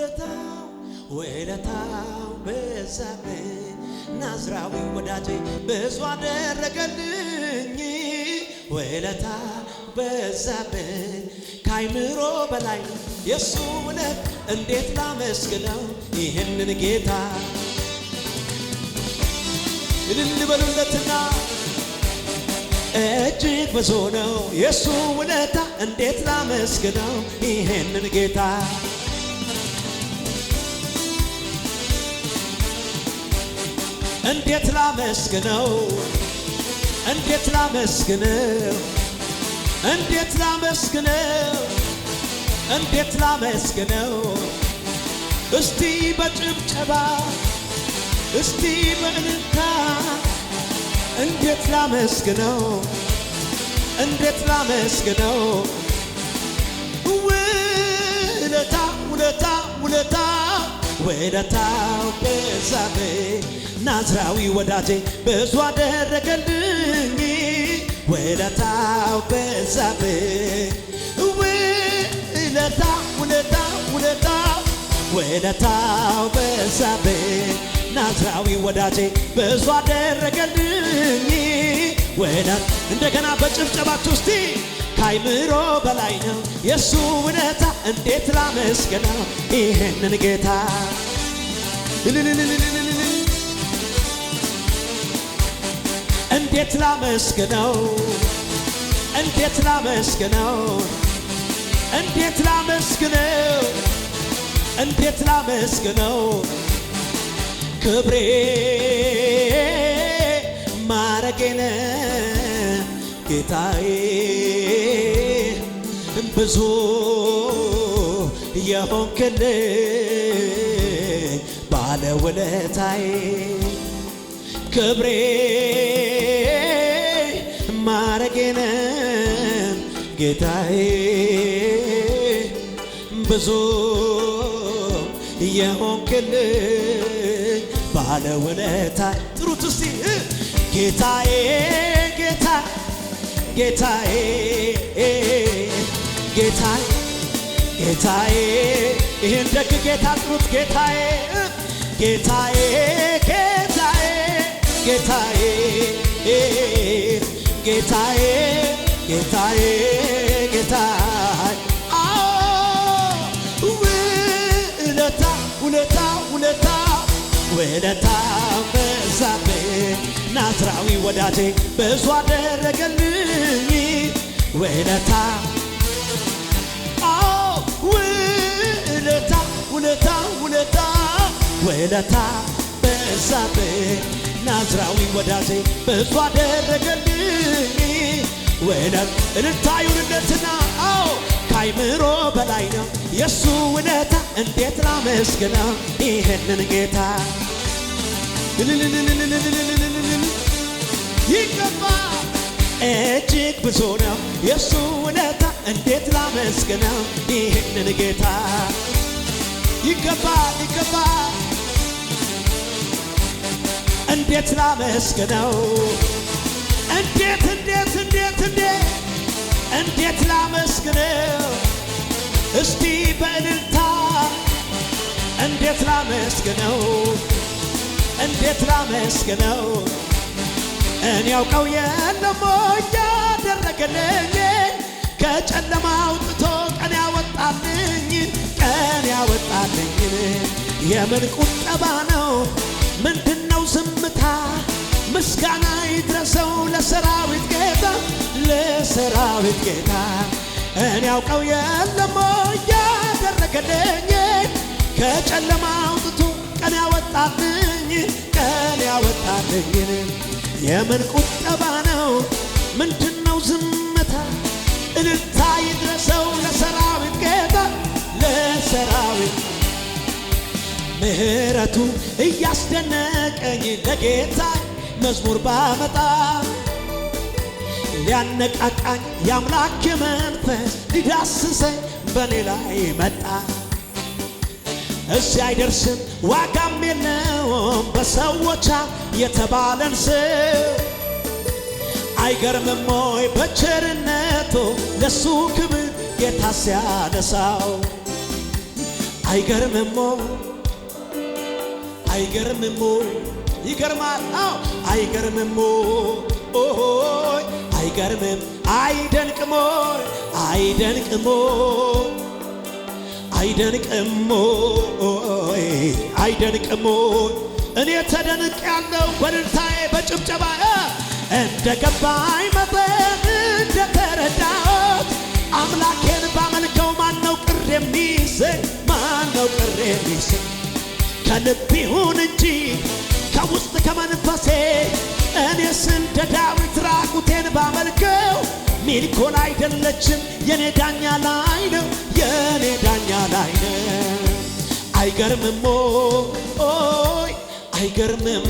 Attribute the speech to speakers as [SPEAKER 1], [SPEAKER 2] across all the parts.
[SPEAKER 1] ውለታው ውለታው በዛብኝ ናዝራዊ ወዳጄ ብዙ አደረገልኝ ውለታ በዛብኝ ካይምሮ በላይ የሱ ውለት እንዴት ላመስግነው ይህንን ጌታ እልል በሉለትና እጅግ ብዙ ነው ውለታ እንዴት ላመስግነው ይህንን ጌታ እንዴት ላመስግነው እንዴት ላመስግነው እንዴት ላመስግነው እንዴት ላመስግነው እስቲ በጭብጨባ እስቲ በእልልታ እንዴት ላመስግነው እንዴት ላመስግነው ውለታ ውለታ ውለታ ወደ ታውቤዛቤ ናዝራዊ ወዳጄ ብዙ አደረገልኝ ውለታው በዛብ ውለታ ውለታ ውለታ ውለታው በዛብ ናዝራዊ ወዳጄ ብዙ አደረገልኝ። እንደገና በጭብጨባችሁ እስቲ ከአይምሮ በላይ ነው የእሱ እውነታ እንዴት ላመስገነው ይህንን ጌታ እንዴት ላመስገነው እንዴት ላመስገነው እንዴት ላመስግነው እንዴት ላመስግነው ክብሬ ማረጌነ ጌታዬ ብዙ የሆንክልኝ ባለውለታዬ ክብሬ ማረጌነም ጌታዬ ብዙ የሆንክልኝ ባለውለታዬ ጥሩት እስቲ ጌታዬ ጌታ ጌታዬ ጌታ ጌታዬ ይህን ደግ ጌታ ጥሩት ጌታዬ ጌታዬ ጌታዬ ጌታዬ ጌታዬ ጌታዬ ጌታዬ ውለታ ውለታ ውለታ ውለታ ናዝራዊ ወዳጄ ብዙ አደረገልኝ ውለታ ውለታ በዛብህ ናዝራዊ ወዳጄ ብዙ አደረገልኝ። ውለት እልልታ ይሁንለትና አዎ ካይምሮ በላይ ነው የእሱ ውለታ። እንዴት ላመስግነው ይህንን ጌታ ይገባ እጅግ ብዙ ነው የእሱ ውለታ። እንዴት ላመስግነው ይህንን ጌታ ይገባ ይገባ እንዴት ላመስግነው? እንዴት እንዴት እንዴት እንዴት እንዴት ላመስግነው? እስቲ በእልልታ እንዴት ላመስግነው? እንዴት ላመስግነው? እኔ ያውቀው የለሞ እያደረገልኝ ከጨለማ አውጥቶ ቀን ያወጣልኝ ቀን ያወጣልኝ የምን ቁጠባ ነው ምንድነው ዝም ምስጋና ይድረሰው ለሰራዊት ጌታ ለሰራዊት ጌታ እኔ ያውቀው የለም ያደረገልኝ ከጨለማ አውጥቶ ቀን ያወጣልኝ ቀን ያወጣልኝ የምን ቁጠባ ነው ምንድነው ዝምታ እልልታ ይድረሰው ለሰራዊት ጌታ ለሰራዊት ምህረቱ እያስደነቀኝ ለጌታ መዝሙር ባመጣ ሊያነቃቃኝ የአምላክ መንፈስ ሊዳስሰኝ በኔ ላይ መጣ። እዚህ አይደርስም ዋጋም የለውም በሰዎቻ የተባለን ሰው አይገርምም ሆይ በቸርነቱ ለሱ ክብር ጌታ ሲያነሳው አይገርምም አይገርምም ይገርማል። አዎ አይገርምም፣ ኦሆይ አይገርምም፣ አይደንቅም፣ አይደንቅም፣ አይደንቅም፣ አይደንቅም። እኔ ተደንቅ ያለው በድርታዬ በጭብጨባ እንደ ገባኝ መጠን እንደተረዳሁት አምላኬን ባመልከው ማነው ቅር የሚሰኝ? ማነው ቅር የሚስ ከልብ ይሁን እንጂ ከውስጥ ከመንፈሴ እኔስ እንደ ዳዊት ራቁቴን ባመልከው ሚልኮል አይደለችም የኔ ዳኛ ላይ ነው የኔ ዳኛ ላይ ነው። አይገርምም ኦይ አይገርምም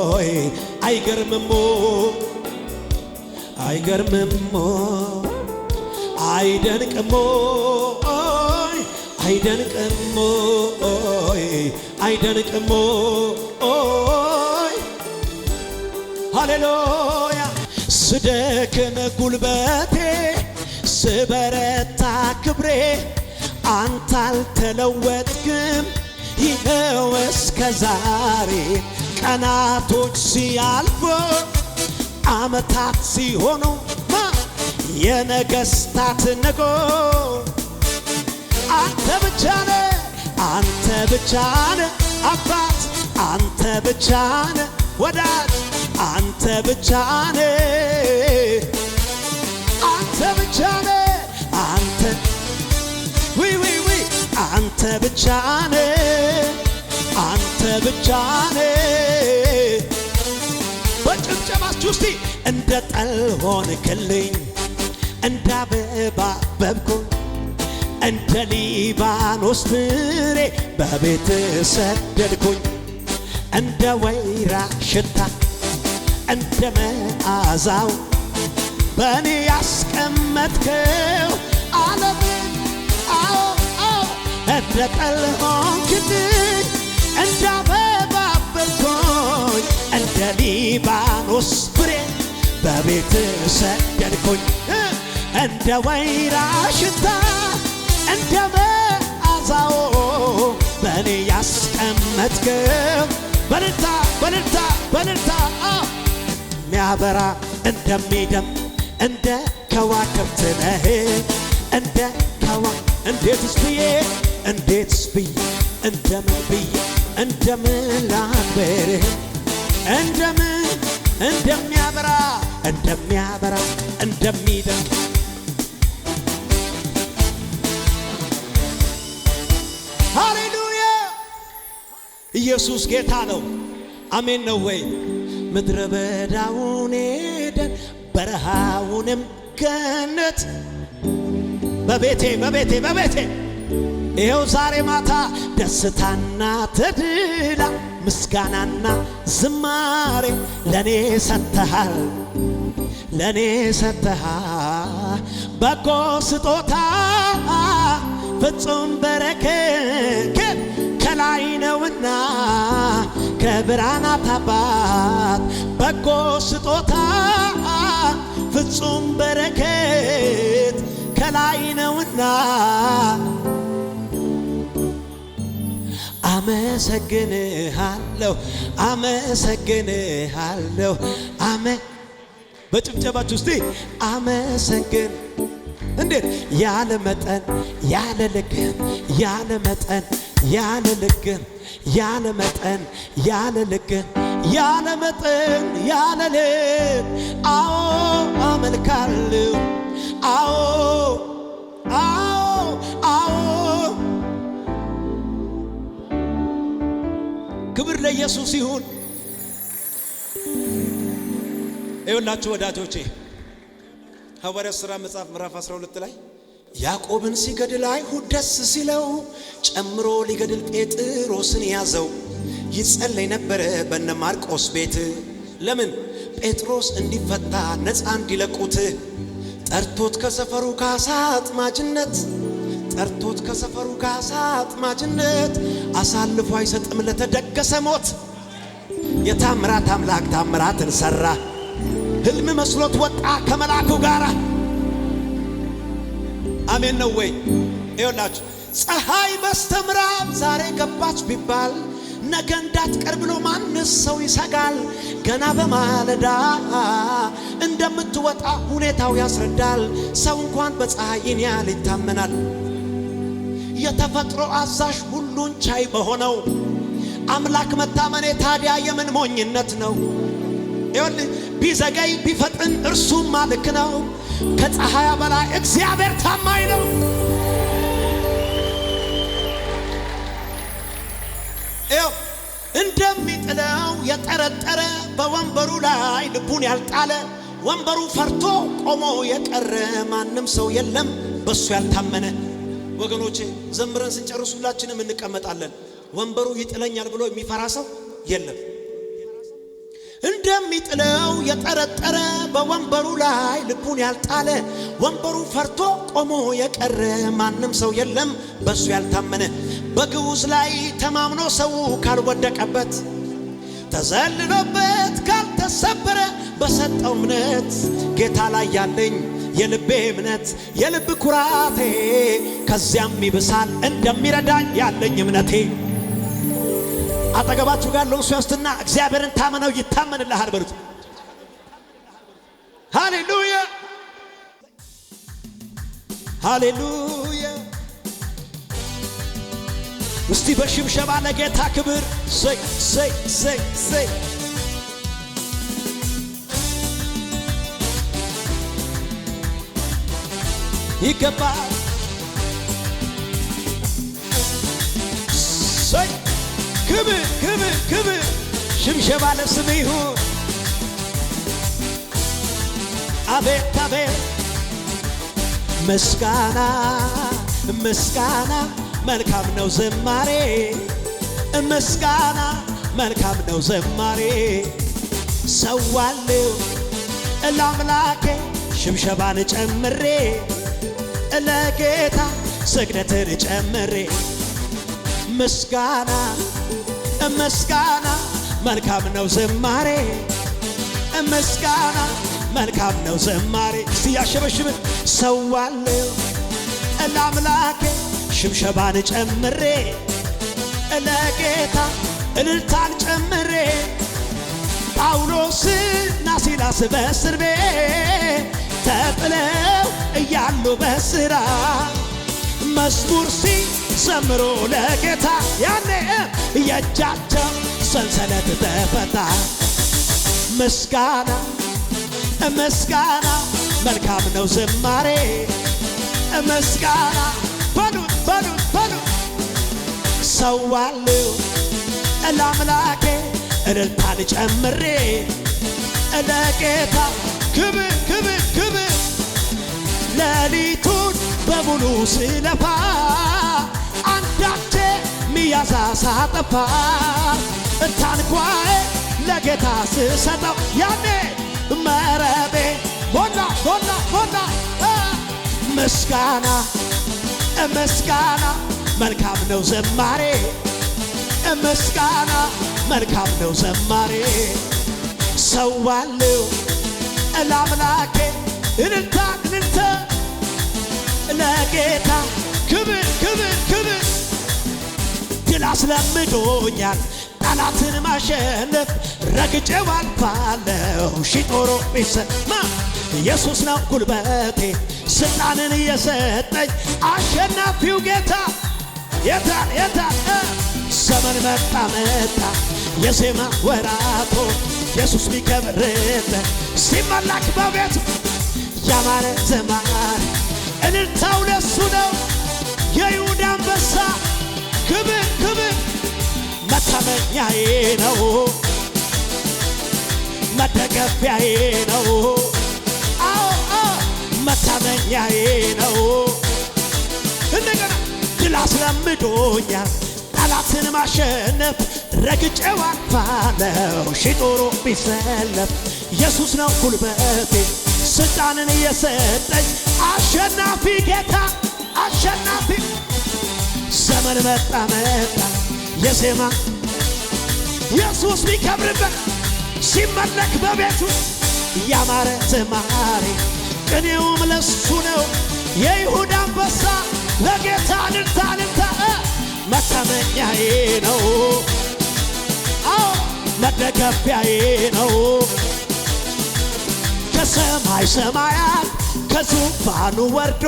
[SPEAKER 1] ኦይ አይገርምም አይገርምም አይደንቅም አይደንቅም ኦይ አይደንቅም ኦይ ሃሌሉያ ስደክም ጉልበቴ ስበረታ ክብሬ አንተ አልተለወጥክም ይኸው እስከ ዛሬ ቀናቶች ሲያልፉ አመታት ሲሆኑ የነገሥታት ንጉሥ አንተ ብቻ ነህ አንተ ብቻ ነህ አባት አንተ ብቻ ነህ ወዳጅ አንተ ብቻ ነህ አንተ ብቻ ነህ አንተ ዊ ዊ ዊ አንተ ብቻ ነህ አንተ ብቻ ነህ በጭብጨባችሁ እስቲ እንደ ጠል ሆንክልኝ እንደ አበባ አበብኩኝ أنت ليبانوس فري بابت سددكن أنت ويرا شتا أنت ما أزاو بني أسكمتكو على بن أو أو أنت تلهون كتير أنت بابا بالكون أنت ليبانوس فري بابت سددكن أنت ويرا شتا እንደ መዓዛው በእኔ ያስቀመጥከው በልልታ በልልታ በልልታ ሚያበራ እንደሚደም እንደ ከዋክብት ነህ እንደ ከዋ እንዴትስ ብዬ እንዴትስ ብዬ እንደምን ብዬ እንደምን ላክብርህ እንደምን እንደሚያበራ እንደሚያበራ እንደሚደም ኢየሱስ ጌታ ነው። አሜን ነው ወይ? ምድረ በዳውን ኤደን በረሃውንም ገነት በቤቴ በቤቴ በቤቴ ይኸው ዛሬ ማታ ደስታና ተድላ ምስጋናና ዝማሬ ለእኔ ሰተሃል ለእኔ ሰተሃ በጎ ስጦታ ፍጹም በረከት ላይ ነውና ከብርሃናት አባት በጎ ስጦታ ፍጹም በረከት ከላይ ነውና አመሰግንሃለሁ አመሰግንሃለሁ አመ በጭብጨባች ውስጥ አመሰግን እንዴት ያለ መጠን ያለ ልክ ያለ መጠን ያለ ልክ ያለ መጠን ያለ ልክ ያለ መጠን ያለ ልክ አዎ አመልካለሁ አዎ አዎ አዎ ክብር ለኢየሱስ ይሁን። ይሁላችሁ ወዳጆቼ ሐዋርያት ሥራ መጽሐፍ ምዕራፍ 12 ላይ ያዕቆብን ሲገድል አይሁድ ደስ ሲለው ጨምሮ ሊገድል ጴጥሮስን ያዘው። ይጸለይ ነበረ በነ ማርቆስ ቤት ለምን ጴጥሮስ እንዲፈታ ነፃ እንዲለቁት ጠርቶት ከሰፈሩ ካሳ አጥማጅነት ጠርቶት ከሰፈሩ ካሳ አጥማጅነት አሳልፎ አይሰጥም ለተደገሰ ሞት። የታምራት አምላክ ታምራትን ሠራ። ሕልም መስሎት ወጣ ከመልአኩ ጋር አሜን ነው ወይ? ይኸውላችሁ ፀሐይ በስተምዕራብ ዛሬ ገባች ቢባል ነገ እንዳትቀር ብሎ ማንስ ሰው ይሰጋል? ገና በማለዳ እንደምትወጣ ሁኔታው ያስረዳል። ሰው እንኳን በፀሐይን ያህል ይታመናል። የተፈጥሮ አዛዥ ሁሉን ቻይ በሆነው አምላክ መታመኔ ታዲያ የምን ሞኝነት ነው? ይኸውልህ ቢዘገይ ቢፈጥን እርሱማ ልክ ነው። ከፀሐያ በላይ እግዚአብሔር ታማኝ ነው። ይኸው እንደሚጥለው የጠረጠረ በወንበሩ ላይ ልቡን ያልጣለ ወንበሩ ፈርቶ ቆሞ የቀረ ማንም ሰው የለም በሱ ያልታመነ። ወገኖቼ ዘምረን ስንጨርሱላችንም እንቀመጣለን። ወንበሩ ይጥለኛል ብሎ የሚፈራ ሰው የለም። እንደሚጥለው የጠረጠረ በወንበሩ ላይ ልቡን ያልጣለ ወንበሩ ፈርቶ ቆሞ የቀረ ማንም ሰው የለም በእሱ ያልታመነ በግዑዝ ላይ ተማምኖ ሰው ካልወደቀበት ተዘልሎበት ካልተሰበረ በሰጠው እምነት ጌታ ላይ ያለኝ የልቤ እምነት የልብ ኩራቴ ከዚያም ይብሳል እንደሚረዳኝ ያለኝ እምነቴ አጠገባችሁ ጋር ለውሱ ያስትና እግዚአብሔርን ታመነው ይታመንልሃል በሉት። ሃሌሉያ ሃሌሉያ። እስቲ በሽብሸባ ለጌታ ክብር ሰይ ሰይ ሰይ ሰይ ይገባል ክብር ክብር ክብር ሽብሸባ ለስም ይሁን አቤት አቤት ምስጋና ምስጋና መልካም ነው ዝማሬ ምስጋና መልካም ነው ዝማሬ ሰዋለው ለአምላኬ ሽብሸባን ጨምሬ ለጌታ ስግደትን ጨምሬ ምስጋና ምስጋና መልካም ነው ዝማሬ ምስጋና መልካም ነው ዝማሬ እስያሸበሽብን ሰዋለው ለአምላኬ ሽብሸባን ጨምሬ ለጌታ እልልታን ጨምሬ ጳውሎስና ሲላስ በእስር ቤት ተጥለው እያሉ በስራ መዝሙር ሲዘምሩ ለጌታ ያኔ የእጃቸው ሰንሰለት ተፈታ። ምስጋና ምስጋና መልካም ነው ዝማሬ ምስጋና በሉት በሉት በሉት ሰዋለው ለአምላኬ እልልታን ጨምሬ ለጌታ ክብር ክብር ክብር ሌሊቱን በሙሉ ስለፋ አንዳንድ ያዛ ሳጠፋ እንታንኳዬ ለጌታ ስሰጠው ያኔ መረቤ ሞላ ሞላ ሞላ ምስጋና ምስጋና መልካም ነው ዘማሬ ምስጋና መልካም ነው ዘማሬ ሰዋለው ለአምላኬ እልልታ እልልታ ለጌታ ክብር ክብር ክብር ድል አስለምዶኛል ጠላትን ማሸነፍ ረግጬው አልፋለሁ ሺጦሮ ቢሰማ ኢየሱስ ነው ጉልበቴ ስልጣንን እየሰጠኝ አሸናፊው ጌታ የታ የታ ዘመን መጣ መጣ የዜማ ወራቶ ኢየሱስ ቢከብርበት ሲመላክ በቤት ያማረ ዘማር እልልታው ለሱ ነው የይሁዳ አንበሳ ክብር መታመኛዬ ነው፣ መደገፊያዬ ነው፣ መታመኛዬ ነው። እንደገና ድል አስለምዶኛል ጠላትን ማሸነፍ ረግጬ ዋፋለው ሽጦሮ ቢሰለፍ ኢየሱስ ነው ጉልበቴ ስልጣንን እየሰጠኝ አሸናፊ ጌታ አሸናፊ ዘመን መጣ መጣ የዜማ ኢየሱስ ቢከብርበት ሲመለክ በቤቱ ያማረ ዝማሬ ቅኔውም ለሱ ነው። የይሁዳ አንበሳ ለጌታ ልልታ ልልታ መታመኛዬ ነው። አዎ መደገፊያዬ ነው። ከሰማይ ሰማያት ከዙፋኑ ወርዶ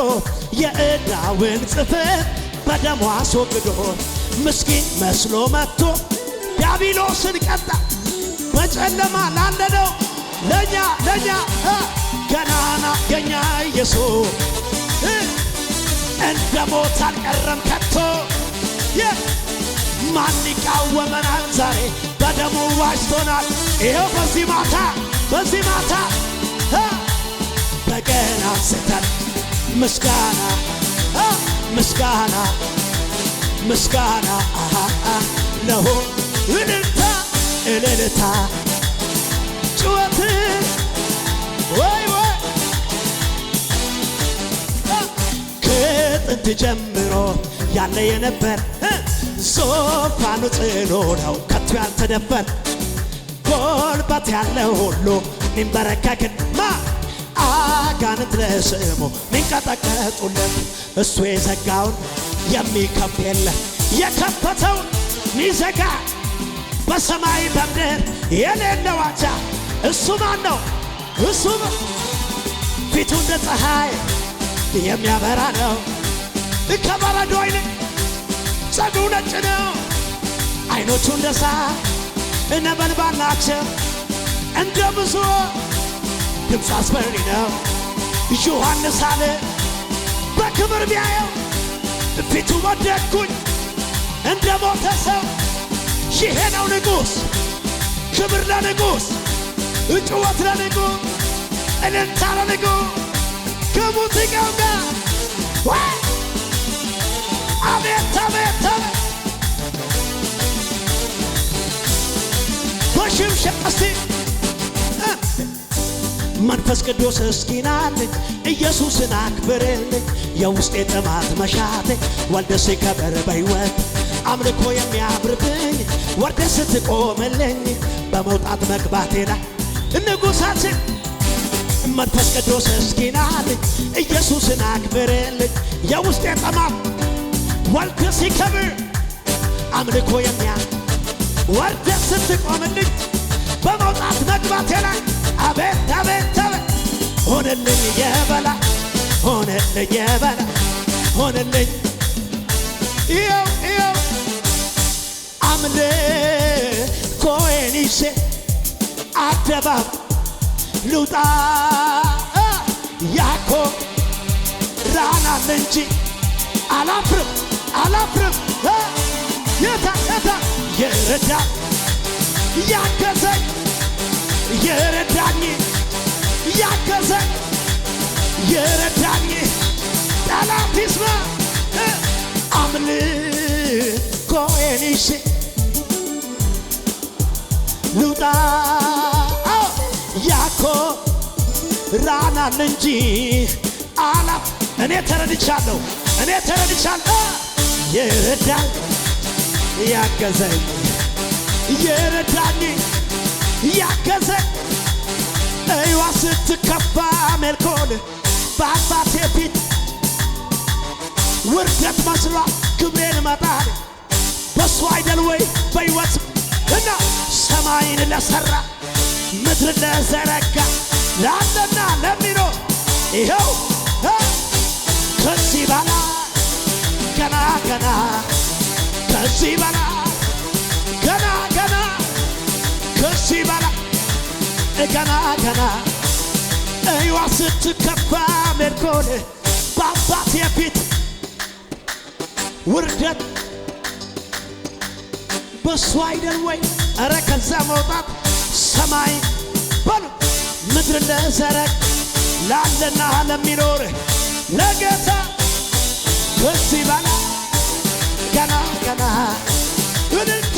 [SPEAKER 1] የእዳውን ጽፍት በደሞ አስወግዶ ምስኪን መስሎ መጥቶ ዲያብሎስን ቀጣ። በጨለማ ላለነው ለእኛ ለእኛ ገናና ገኛ ኢየሱስ እንደ ሞት አልቀረም ከቶ ማን ይቃወመናል? ዛሬ በደሙ ዋጅቶናል። ይኸው በዚህ ማታ በዚህ ማታ በገና ስተን ምስጋና ምስጋና ምስጋና ለሆ እልልታ እልልታ ጭወት ወይ ወይ ከጥንት ጀምሮ ያለ የነበር ዙፋኑ ጽኑ ነው ከቶ ያልተደበር ጎልባት ያለው ሁሉ ሚንበረከክን ማ አጋንንት ለስሙ ሚንቀጠቀጡለት እሱ የዘጋውን የሚከብ የለ የከፈተውን ሚዘጋ በሰማይ በምድር የሌለው ዋጃ እሱ ማን ነው? እሱ ፊቱ እንደ ፀሐይ የሚያበራ ነው። ከበረዶ ይልቅ ጸጉሩ ነጭ ነው። አይኖቹ እንደ ሳር ነበልባል ናቸው። እንደ ብዙ ድምፅ አስፈሪ ነው። ዮሐንስ አለ በክብር ቢያየው ፊቱ ወደቅኩኝ እንደ ሞተ ሰው። ይሄ ነው ንጉሥ። ክብር ለንጉሥ፣ ጩኸት ለንጉሥ፣ እልልታ ለንጉሥ ከሙዚቃው ጋር አቤት አቤት አቤት በሽምሻ እስቲ መንፈስ ቅዱስ እስኪናልክ ኢየሱስን አክብርልክ የውስጤ ጥማት መሻትክ ወልደሴ ከበር በሕይወት አምልኮ የሚያብርብኝ ወርደ ስትቆምልኝ በመውጣት መግባቴ ላይ ንጉሳችን መንፈስ ቅዱስ እስኪናልክ ኢየሱስን አክብርልክ የውስጤ ጥማት ወልደ ሲከብር አምልኮ የሚያ ወርደ ስትቆምልኝ በመውጣት መግባቴ ላይ አቤት አቤት አቤት ሆነልኝ የበላ ሆነልኝ የበላ ሆነልኝ ይኸው ይኸው አምልኮዬን ይዤ አደባባይ ልውጣ ያዕቆብ ራናል እንጂ አላፍርም አላፍርም የታ የታ የረዳ ያገዘኝ የረዳኝ ያገዘ የረዳኝ ጠላት ይስማ አምልኮዬን ይዤ ልውጣ ያኮራናል እንጂ አላ እኔ ተረድቻለሁ እኔ ተረድቻለሁ የረዳኝ ያገዘኝ የረዳኝ ያገዘ እዩዋ ስትከፋ ሜልኮን በአባቴ ፊት ውርደት መስሏ ክብሬን መጣል በሱ አይደል ወይ በሕይወት እና ሰማይን ለሠራ ምድር ለዘረጋ ላለና ለሚኖር ይኸው ከዚህ በላ ገና ገና ከዚህ በላ ገና ገና እዩዋ ስትከፋ ሜርኮን በአባት የፊት ውርደት በሱ አይደል ወይ? እረ ከዛ መውጣት ሰማይ በሉ ምድር ለዘረግ ላለና ለሚኖር ለጌታ ከዚህ በላ ገና ገና